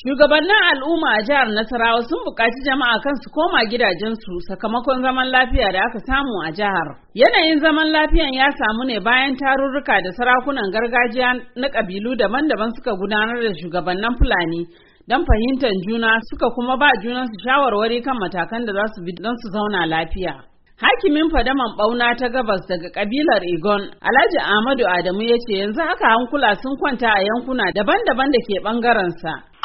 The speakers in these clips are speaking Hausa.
Shugabannin al'umma a jihar Nasarawa sun buƙaci jama'a kan su koma gidajensu sakamakon zaman lafiya da aka samu a jihar. Yanayin zaman lafiyan ya samu ne bayan tarurruka da sarakunan gargajiya na ƙabilu daban-daban suka gudanar da shugabannin Fulani don fahimtar juna suka kuma ba junansu shawarwari kan matakan da za su bi don su zauna lafiya. Hakimin fadaman bauna ta gabas daga kabilar Igon, Alhaji Ahmadu Adamu ya ce yanzu haka hankula sun kwanta a yankuna daban-daban da ke ɓangarensa.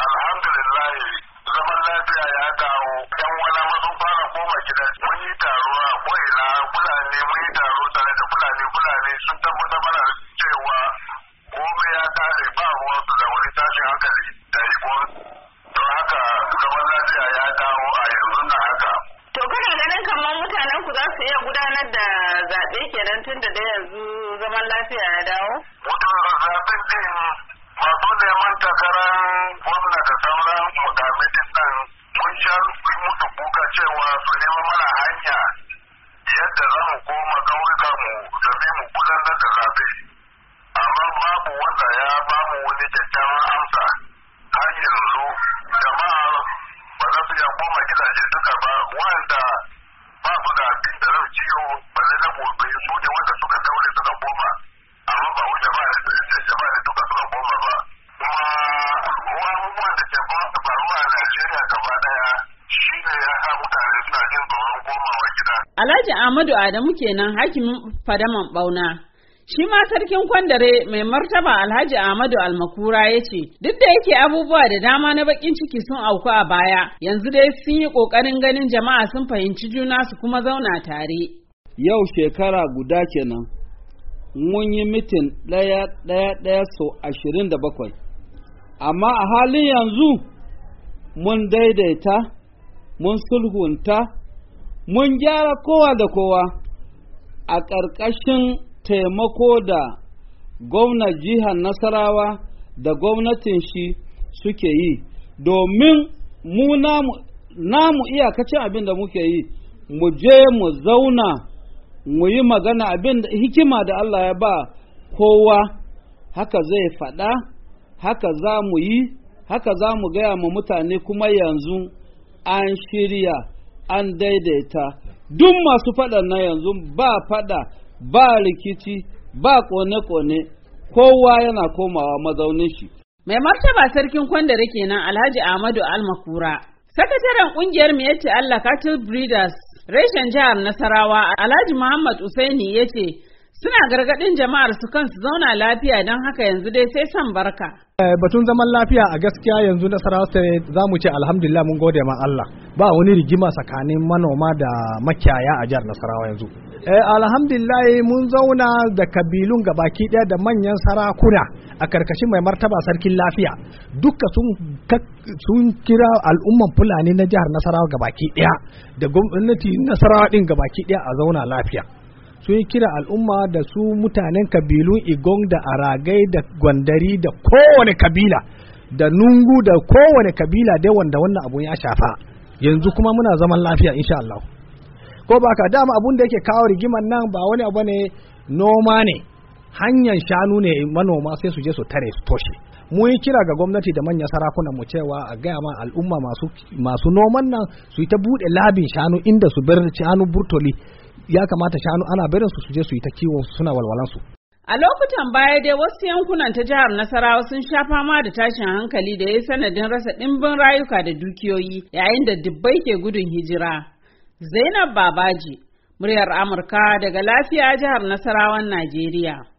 zaɓe kenan tun da da yanzu zaman lafiya ya dawo? Mutum da zaɓen ɗin masu neman takarar gwamna da sauran mukamai nan mun sha mutu kuka cewa su nema mana hanya yadda za mu koma kawuka mu domin mu gudanar da zaɓe. Amma babu wanda ya bamu wani kyakkyawan amsa har yanzu jama'a ba za su iya koma gidaje duka ba wanda ba su da abin da zai ciyo ne wanda suka daure suka koma amma ba ba suka koma ba da ke faruwa a Najeriya shi ne ya sa mutane suna jin tsoron komawa gida. Alhaji Ahmadu Adamu kenan hakimin fadaman bauna. Shi ma sarkin kwandare mai martaba Alhaji Ahmadu Almakura ya ce, duk da yake abubuwa da dama na bakin ciki sun auku a baya, yanzu dai sun yi ƙoƙarin ganin jama'a sun fahimci juna su kuma zauna tare. Yau shekara guda kenan, mun yi mitin ɗaya ɗaya ɗaya sau ashirin da bakwai, amma a halin yanzu mun daidaita, mun sulhunta, mun gyara kowa da kowa a ƙarƙashin taimako da gwamnan jihar nasarawa da gwamnatin shi suke yi domin mu namu iyakacin abin da muke yi mu je mu zauna mu yi magana abin da hikima da Allah ya ba kowa haka zai faɗa haka za mu yi haka za mu gaya ma mutane kuma yanzu an shirya an daidaita duk masu faɗa na yanzu ba faɗa ba rikici ba kone-kone kowa yana komawa mazaunin shi. Mai martaba sarkin kwandare kenan Alhaji Ahmadu Almakura. Sakataren kungiyar yace Allah Cattle Breeders reshen jihar Nasarawa Alhaji Muhammad Usaini ya ce suna gargaɗin jama'ar su kansu zauna lafiya don haka yanzu dai sai san barka. Eh, batun zaman lafiya a gaskiya yanzu Nasarawa sai za mu ce alhamdulillah mun gode ma Allah. ba wani rigima tsakanin manoma da makiyaya a jihar nasarawa yanzu eh, alhamdulillah mun zauna da kabilun gabaki daya da manyan sarakuna a karkashin mai martaba sarkin lafiya duka sun, sun kira al'umman fulani na jihar nasarawa gabaki daya da gwamnati nasarawa din gabaki daya a zauna lafiya sun yi kira al'umma da su mutanen kabilun igon da aragai da gwandari da kowane kabila da nungu da kowane kabila dai wanda wannan abun ya shafa yanzu kuma muna zaman lafiya insha Allah ko ba dama abun da yake kawo rigiman nan ba wani abu ne noma ne hanyar shanu ne manoma sai su je su tare su toshe mu yi kira ga gwamnati da manyan sarakunan mu cewa a gaya ma al'umma masu masu noman nan su yi ta bude labin shanu inda su bar shanu burtoli ya kamata shanu ana barin su su je su yi ta kiwo suna walwalansu. A lokutan baya dai wasu yankunan ta jihar Nasarawa sun sha fama da tashin hankali da ya yi sanadin rasa ɗimbin rayuka da dukiyoyi yayin da dubbai ke gudun hijira. Zainab Babaji, muryar Amurka daga lafiya jihar Nasarawan Najeriya.